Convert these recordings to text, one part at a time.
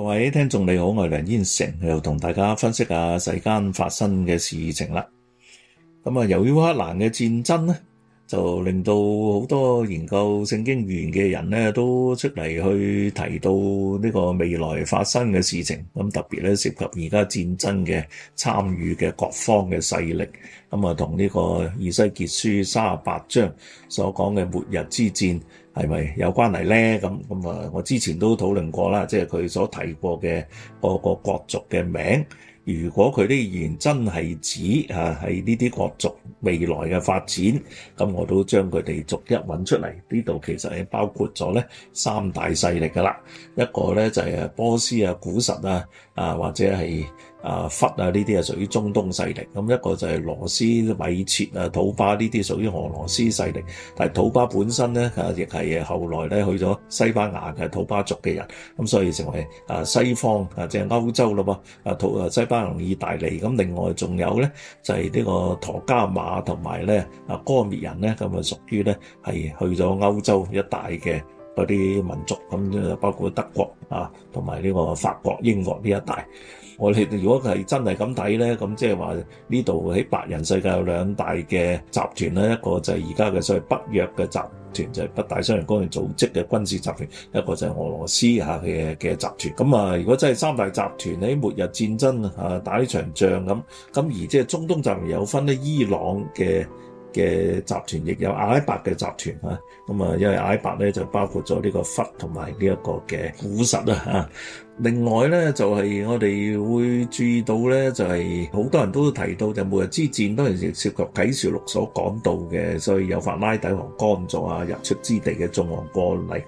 各位聽眾你好，我係梁燕成，又同大家分析下世間發生嘅事情啦。咁啊，由於烏克蘭嘅戰爭呢就令到好多研究聖經預言嘅人咧，都出嚟去提到呢個未來發生嘅事情，咁特別咧涉及而家戰爭嘅參與嘅各方嘅勢力，咁啊同呢個以西結書三十八章所講嘅末日之戰係咪有關係咧？咁咁啊，我之前都討論過啦，即係佢所提過嘅各個國族嘅名。如果佢啲言真係指啊，喺呢啲國族未來嘅發展，咁我都將佢哋逐一揾出嚟。呢度其實係包括咗呢三大勢力㗎喇，一個呢就係波斯啊、古實啊啊，或者係。啊，忽啊，呢啲係屬於中東勢力，咁一個就係羅斯米切啊，土巴呢啲屬於俄羅斯勢力，但係土巴本身咧，啊亦係後來咧去咗西班牙嘅土巴族嘅人，咁所以成為啊西方啊即係歐洲咯噃，啊土啊西班牙、意大利，咁另外仲有咧就係、是、呢個陀加馬同埋咧啊哥滅人咧，咁啊屬於咧係去咗歐洲一帶嘅嗰啲民族，咁包括德國啊同埋呢個法國、英國呢一帶。我哋如果係真係咁睇咧，咁即係話呢度喺白人世界有兩大嘅集團咧，一個就係而家嘅所謂北約嘅集團，就係、是、北大商人公約組織嘅軍事集團；一個就係俄羅斯嚇嘅嘅集團。咁啊，如果真係三大集團喺末日戰爭啊打呢場仗咁，咁而即係中東集團有分呢伊朗嘅。嘅集團，亦有阿拉伯嘅集團咁啊，因為阿拉伯咧就包括咗呢個忽同埋呢一個嘅古實啊。另外咧就係我哋會注意到咧，就係好多人都提到就末日之戰，當然亦涉及啟示錄所講到嘅，所以有法拉底王乾咗啊，日出之地嘅眾王過嚟。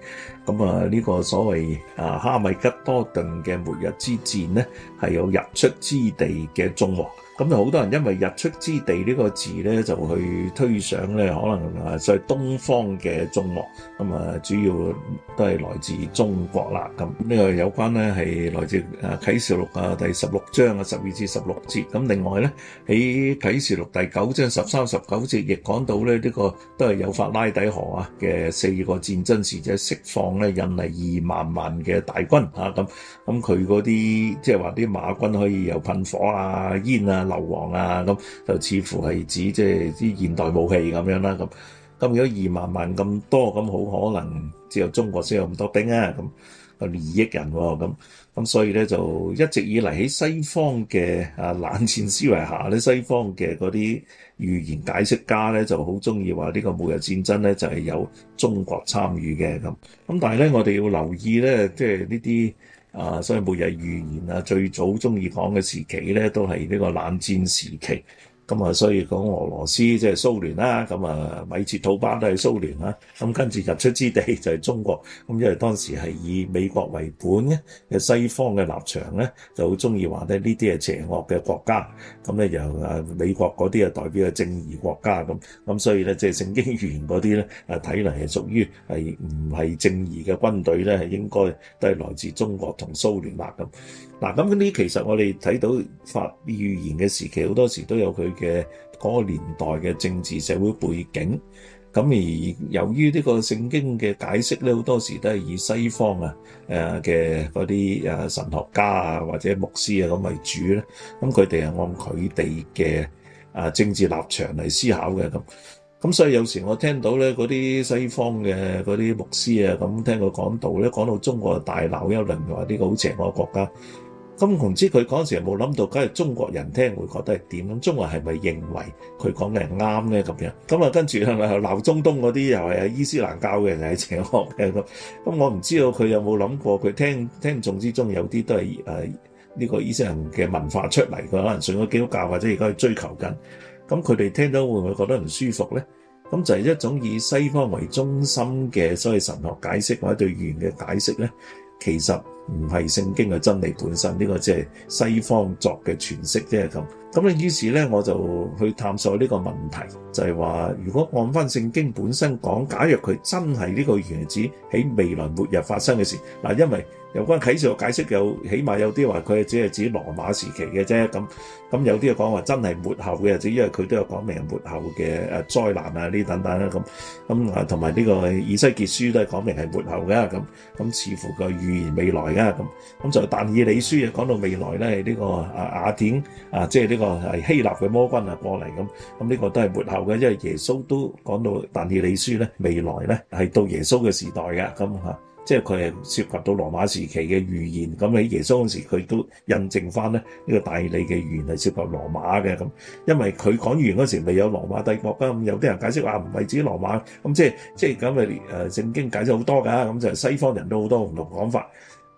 咁啊，呢個所謂啊哈米吉多頓嘅末日之戰咧，係有日出之地嘅眾王。咁就好多人因為日出之地呢個字咧，就去推想咧，可能啊在東方嘅中樂，咁啊主要都係來自中國啦。咁呢個有關咧係來自誒啟示錄啊，第十六章啊十二至十六節。咁另外咧喺啟示錄第九章十三十九節，亦講到咧呢個都係有法拉底河啊嘅四個戰爭使者，即係釋放咧引嚟二萬萬嘅大軍啊咁。咁佢嗰啲即係話啲馬軍可以有噴火啊煙啊。硫磺啊，咁就似乎係指即係啲現代武器咁樣啦，咁咁如果二萬萬咁多咁，好可能只有中國先有咁多兵啊，咁個二億人喎、哦，咁咁所以咧就一直以嚟喺西方嘅啊冷戰思維下咧，西方嘅嗰啲預言解釋家咧就好中意話呢個末日戰爭咧就係、是、有中國參與嘅咁，咁但係咧我哋要留意咧，即係呢啲。啊，所以每日預言啊，最早鍾意講嘅時期咧，都係呢個冷戰時期。咁啊，所以講俄羅斯即係蘇聯啦，咁啊，米切土巴都係蘇聯啦。咁跟住日出之地就係中國。咁因為當時係以美國為本嘅西方嘅立場咧，就好中意話咧呢啲係邪惡嘅國家。咁咧由啊美國嗰啲啊代表係正義國家咁。咁所以咧即係聖經員嗰啲咧啊睇嚟係屬於係唔係正義嘅軍隊咧，係應該都係來自中國同蘇聯啊咁。嗱，咁嗰啲其實我哋睇到發預言嘅時期，好多時都有佢嘅嗰個年代嘅政治社會背景。咁而由於呢個聖經嘅解釋咧，好多時都係以西方啊、誒嘅嗰啲啊神學家啊或者牧師啊咁為主咧。咁佢哋係按佢哋嘅啊政治立場嚟思考嘅咁。咁所以有時我聽到咧嗰啲西方嘅嗰啲牧師啊咁聽佢講道咧，講到中國啊大鬧一輪，話呢個好邪惡嘅國家。咁唔知佢嗰時有冇諗到，梗係中國人聽會覺得係點？咁中國人係咪認為佢講嘅係啱咧？咁樣咁啊，跟住係咪鬧中東嗰啲又係啊伊斯蘭教嘅人係邪學嘅？咁咁我唔知道佢有冇諗過，佢聽聽眾之中有啲都係誒呢個伊斯蘭嘅文化出嚟，佢可能信咗基督教或者而家去追求緊。咁佢哋聽到會唔會覺得唔舒服咧？咁就係一種以西方為中心嘅所謂神學解釋或者對語言嘅解釋咧。其實唔係聖經嘅真理本身，呢個即係西方作嘅詮釋，即係咁。咁咧，於是咧我就去探索呢個問題，就係話如果按翻聖經本身講，假若佢真係呢個原子喺未來末日發生嘅事，嗱，因為。有關啟示學解釋有起碼有啲話佢係只係指羅馬時期嘅啫，咁咁有啲又講話真係末後嘅，因為佢都有講明係末後嘅誒災難啊啲等等啦，咁咁啊同埋呢個以西結書都係講明係末後嘅，咁咁似乎個預言未來嘅，咁咁就但以理書又講到未來咧係呢個啊雅典啊，即係呢個係希臘嘅魔君啊過嚟咁，咁呢個都係末後嘅，因為耶穌都講到但以理書咧未來咧係到耶穌嘅時代嘅，咁嚇。即係佢係涉及到羅馬時期嘅預言，咁喺耶穌嗰時佢都印證翻咧呢個大理嘅預言係涉及羅馬嘅咁，因為佢講預言嗰時未有羅馬帝國啊，咁有啲人解釋話唔係指羅馬，咁即係即係咁誒誒，正經解釋好多㗎，咁就係西方人都好多唔同講法。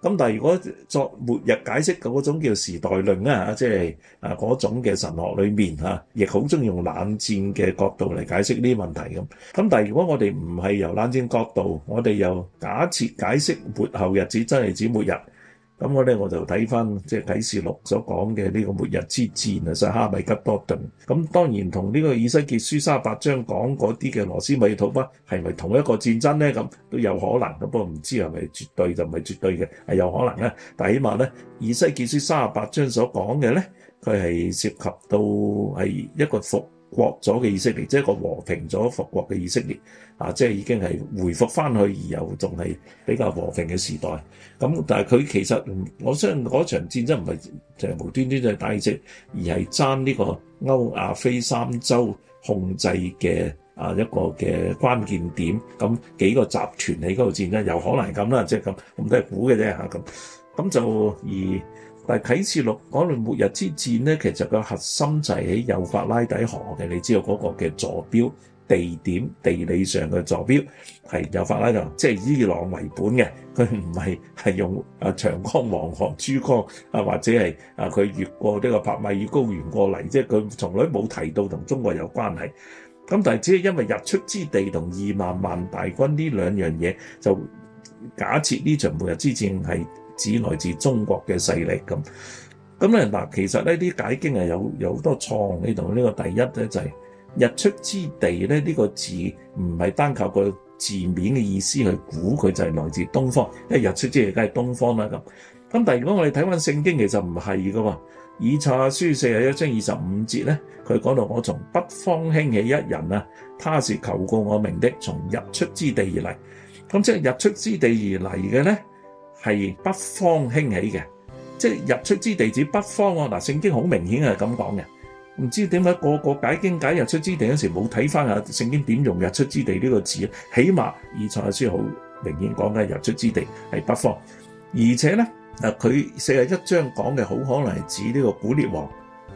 咁但如果作末日解釋嗰種叫時代論啊，即係啊嗰種嘅神學裏面嚇，亦好鍾意用冷戰嘅角度嚟解釋呢啲問題咁。咁但係如果我哋唔係由冷戰角度，我哋又假設解釋末後日子真係指末日。咁我咧我就睇翻即係啟示錄所講嘅呢個末日之戰啊，就係哈米吉多頓。咁當然同呢個以西結書三十八章講嗰啲嘅羅斯米土巴係咪同一個戰爭咧？咁都有可能，不過我唔知係咪絕對就唔係絕對嘅，係有可能咧。但起碼咧，以西結書三十八章所講嘅咧，佢係涉及到係一個福。國咗嘅以色列，即係一個和平咗復國嘅以色列，啊，即係已經係回復翻去，而又仲係比較和平嘅時代。咁、嗯、但係佢其實，我相信嗰場戰爭唔係就係無端端就係打以色列，而係爭呢個歐亞非三洲控制嘅啊一個嘅關鍵點。咁、嗯、幾個集團喺嗰度戰爭，有可能咁啦，即係咁，咁都係估嘅啫嚇。咁咁、啊、就而。但啟示錄嗰輪末日之戰咧，其實個核心就喺幼發拉底河嘅，你知道嗰個嘅坐標、地點、地理上嘅坐標係幼發拉底，即係伊朗為本嘅，佢唔係係用啊長江、黃河、珠江啊，或者係啊佢越過呢個帕米爾高原過嚟，即係佢從來冇提到同中國有關係。咁但係只係因為日出之地同二萬萬大軍呢兩樣嘢，就假設呢場末日之戰係。指來自中國嘅勢力咁，咁咧嗱，其實呢啲解經啊有有好多錯誤喺度。呢、這個第一咧就係、是、日出之地咧呢、這個字唔係單靠個字面嘅意思去估佢就係、是、來自東方，因為日出之地梗係東方啦咁。咁但如果我哋睇翻聖經，其實唔係噶喎，以賽亞書四十一章二十五節咧，佢講到我從北方興起一人啊，他是求告我名的，從日出之地而嚟。咁即係日出之地而嚟嘅咧。係北方興起嘅，即係日出之地指北方喎。嗱，聖經好明顯係咁講嘅，唔知點解個個解經解日出之地嗰時冇睇翻下聖經點用日出之地呢個字啊？起碼以賽亞書好明顯講緊日出之地係北方，而且咧啊，佢四十一章講嘅好可能係指呢個古列王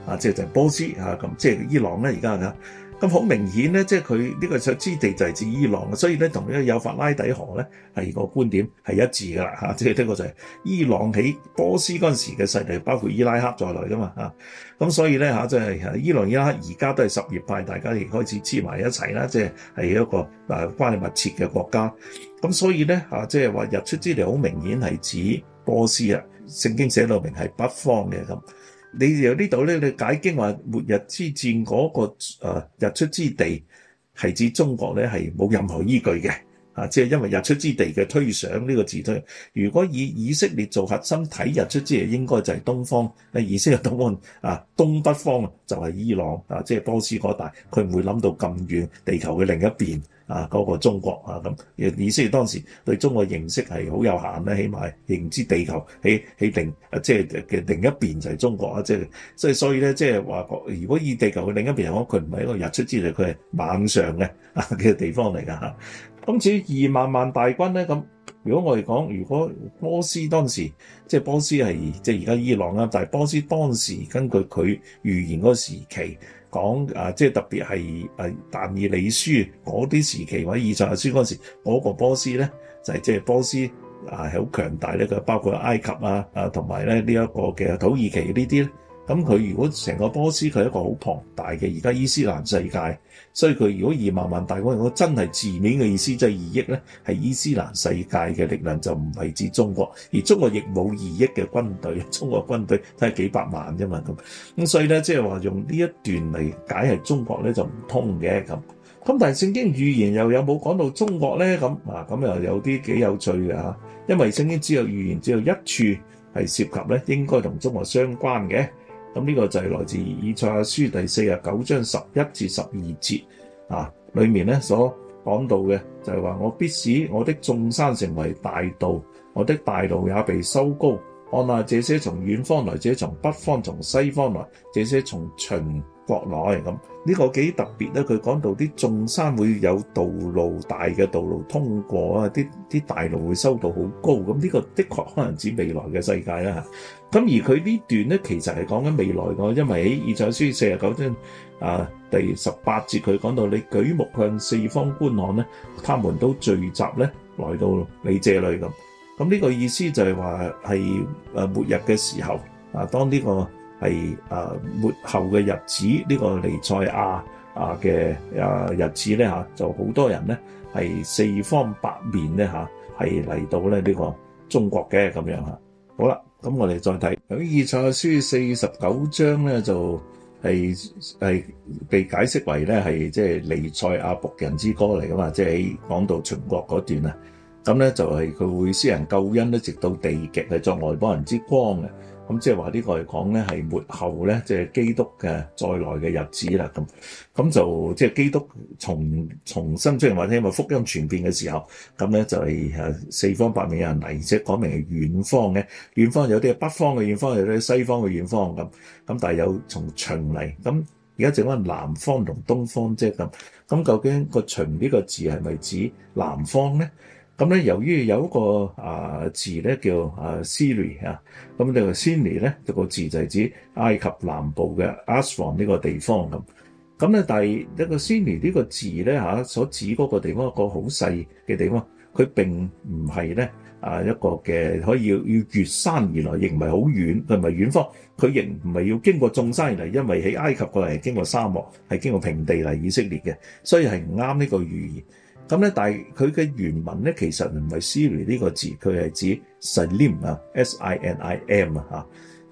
啊，即係就係波斯啊，咁即係伊朗咧而家啊。咁好明顯咧，即係佢呢個所之地就係指伊朗，所以咧同呢個有法拉底河咧係個觀點係一致噶啦嚇，即係呢個就係伊朗喺波斯嗰陣時嘅勢力包括伊拉克在內噶嘛嚇，咁所以咧嚇，即係伊朗伊拉克而家都係什葉派，大家亦開始黐埋一齊啦，即係係一個嗱關係密切嘅國家，咁所以咧嚇，即係話日出之地好明顯係指波斯啊，聖經寫到明係北方嘅咁。你由呢度咧，你解經話末日之戰嗰個日出之地係指中國咧，係冇任何依據嘅啊！即係因為日出之地嘅推想呢個字，推如果以以色列做核心睇日出之地，應該就係東方啊，以色列東方啊，東北方啊就係伊朗啊，即係波斯嗰帶，佢唔會諗到咁遠，地球嘅另一邊。啊！嗰個中國啊，咁意思當時對中國認識係好有限咧，起碼係認知地球喺喺另，即係嘅另一邊就係中國啦。即係所以所以咧，即係話，如果以地球嘅另一邊嚟講，佢唔係一個日出之地，佢係晚上嘅嘅地方嚟㗎。咁、啊、至於二萬萬大軍咧，咁如果我哋講，如果波斯當時，即係波斯係即係而家伊朗啦，但係波斯當時根據佢預言嗰個時期。講啊，即係特別係誒，但以理書嗰啲時期或者異象書嗰陣時，時，嗰、那個波斯咧就係、是、即係波斯啊，係好強大咧，佢包括埃及啊，啊同埋咧呢一、這個嘅土耳其呢啲。咁佢如果成個波斯佢一個好龐大嘅，而家伊斯蘭世界，所以佢如果二萬萬大如果真係字面嘅意思，即、就、係、是、二億咧，係伊斯蘭世界嘅力量就唔係指中國，而中國亦冇二億嘅軍隊，中國軍隊都係幾百萬啫嘛咁，咁所以咧即係話用呢一段嚟解係中國咧就唔通嘅咁，咁但係聖經預言又有冇講到中國咧咁啊？咁又有啲幾有趣嘅，因為聖經只有預言只有一處係涉及咧，應該同中國相關嘅。咁呢個就係來自以賽亞書第四十九章十一至十二節啊，裡面呢所講到嘅就係話我必使我的眾山成為大道，我的大道也被修高。看哪，這些從遠方來，這些從北方、從西方來，這些從秦國內，咁呢個幾特別咧，佢講到啲眾山會有道路，大嘅道路通過啊，啲啲大路會修到好高，咁呢個的確可能指未來嘅世界啦嚇。咁而佢呢段咧，其實係講緊未來嘅，因為喺《以賽亞書四十九章》啊第十八節，佢講到你舉目向四方觀看咧，他們都聚集咧，來到你這裏咁。咁呢個意思就係話係誒末日嘅時候啊，當呢個。係誒、啊、末後嘅日子，呢、這個彌賽亞啊嘅啊日子咧嚇、啊，就好多人咧係四方八面咧嚇，係、啊、嚟到咧呢個中國嘅咁樣嚇。好啦，咁我哋再睇喺《以賽書》四十九章咧，就係係被解釋為咧係即係彌賽亞僕人之歌嚟噶嘛，即係講到秦國嗰段啊。咁咧就係佢會施人救恩咧，直到地極係作外邦人之光嘅。咁即係話呢個嚟講咧，係末後咧，即係基督嘅再來嘅日子啦。咁咁就即係基督從從新出現，或者因為福音傳遍嘅時候，咁咧就係四方八面人嚟，即係講明係遠方嘅遠，遠方，有啲係北方嘅遠方，有啲係西方嘅遠方咁。咁但係有從秦嚟，咁而家整翻南方同東方即係咁。咁究竟個秦呢個字係咪指南方咧？咁咧，由於有一個啊字咧，叫啊 Siri 啊，咁呢個 Siri 咧，就個字就係指埃及南部嘅 Aswan 呢個地方咁。咁咧，第一個 Siri 呢個字咧嚇，所指嗰個地方一個好細嘅地方，佢並唔係咧啊一個嘅可以要越山而來，亦唔係好遠，佢唔係遠方，佢亦唔係要經過眾山而來，因為喺埃及過嚟係經過沙漠，係經過平地嚟以色列嘅，所以係唔啱呢個預言。咁咧，但係佢嘅原文咧，其實唔係 Siri 呢個字，佢係指 Sinim 啊，S-I-N-I-M 啊，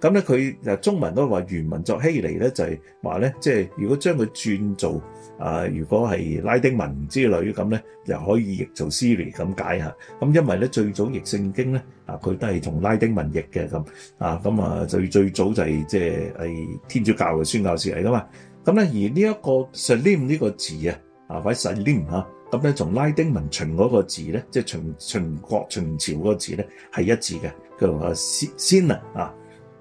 吓咁咧，佢中文都係話原文作希利咧，就係話咧，即係如果將佢轉做啊，如果係拉丁文之類咁咧，就可以譯做 Siri 咁解下。咁，因為咧最早譯聖經咧啊，佢都係同拉丁文譯嘅咁啊，咁啊最最早就係即係係天主教嘅宣教師嚟噶嘛。咁咧而呢一個 Sinim 呢個字啊。啊，位細丁啊，咁咧從拉丁文秦嗰個字咧，即係秦秦國秦朝嗰個字咧，係一致嘅。佢話先先啊，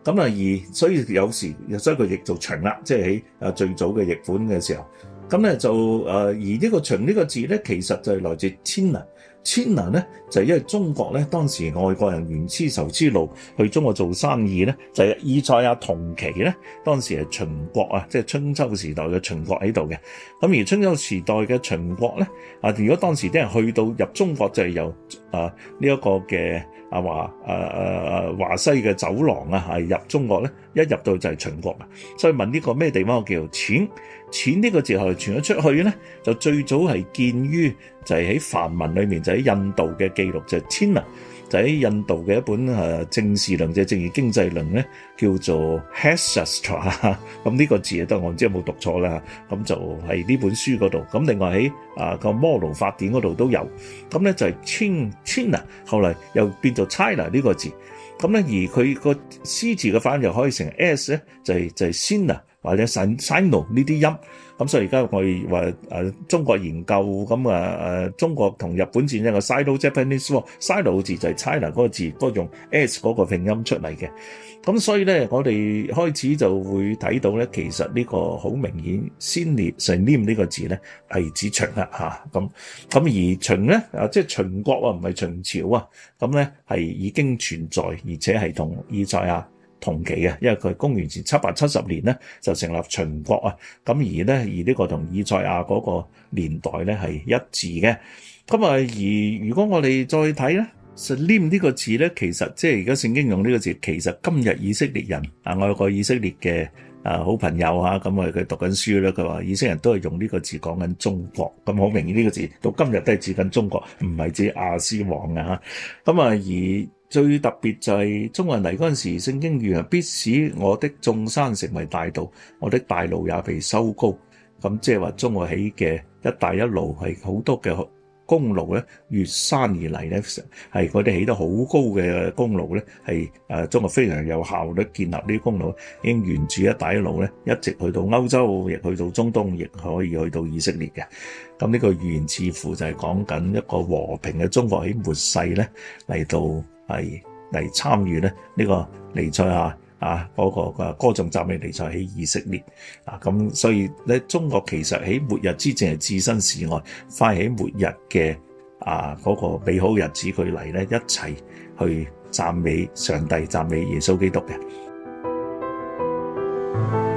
咁啊而所以有時，所以佢譯做秦啦，即係喺啊最早嘅譯款嘅時候，咁咧就誒而呢個秦呢個字咧，其實就係來自千啊。千難咧就係、是，因為中國咧，當時外國人沿絲綢之路去中國做生意咧，就係以賽亞啊同期咧，當時係秦國啊，即係春秋時代嘅秦國喺度嘅。咁而春秋時代嘅秦國咧啊，如果當時啲人去到入中國就係由啊！呢、這、一個嘅啊華誒誒誒華西嘅走廊啊，係入中國咧，一入到就係秦國啊，所以問呢個咩地方我叫錢？錢呢個字後傳咗出去咧，就最早係見於就係喺梵文裡面，就喺、是、印度嘅記錄就係錢啊。就喺印度嘅一本誒正視論即係正義經濟論咧，叫做 Haststra。咁呢個字有有、嗯都係嗯、啊，我唔知有冇讀錯啦。咁就係呢本書嗰度。咁另外喺啊個摩羅法典嗰度都有。咁、嗯、咧就係、是、China，後嚟又變做 China 呢個字。咁、嗯、咧而佢個 C 字嘅翻譯又可以成 S 咧，就係就係 Sin 啊或者 Sino 呢啲音。咁所以而家我哋話、啊、中國研究咁啊，啊中國同日本戰爭嘅 Sino Japanese、哦、Sino 字就係 China 嗰個字都用 S 嗰個拼音出嚟嘅。咁所以咧，我哋開始就會睇到咧，其實呢個好明顯，先列成黏呢個字咧係指秦啦嚇，咁咁而秦咧啊，即係秦國啊，唔係秦朝啊。咁咧係已經存在，而且係同意在啊。同期嘅，因為佢係公元前七百七十年咧就成立秦國啊，咁而咧而呢而這個同以賽亞嗰個年代咧係一致嘅。咁啊，而如果我哋再睇咧，Sinim 呢個字咧，其實即係而家聖經用呢個字，其實今日以色列人啊，我有個以色列嘅啊好朋友啊，咁啊佢讀緊書咧，佢話以色列人都係用呢個字講緊中國，咁好明顯呢個字到今日都係指緊中國，唔係指亞斯王啊嚇。咁啊而。最特別就係中國人嚟嗰陣時，聖經預言必使我的眾山成為大道，我的大路也被修高。咁即係話中國起嘅一帶一路係好多嘅公路咧，越山而嚟咧，係嗰啲起得好高嘅公路咧，係中國非常有效率建立呢啲公路，已經沿住一帶一路咧，一直去到歐洲，亦去到中東，亦可以去到以色列嘅。咁呢個預言似乎就係講緊一個和平嘅中國起末世咧嚟到。係嚟參與咧呢個彌賽啊啊嗰個嘅歌頌讚美彌賽喺以色列啊咁，所以咧中國其實喺末日之前係置身事外，快喺末日嘅，啊嗰個美好日子佢嚟咧一齊去讚美上帝、讚美耶穌基督嘅。嗯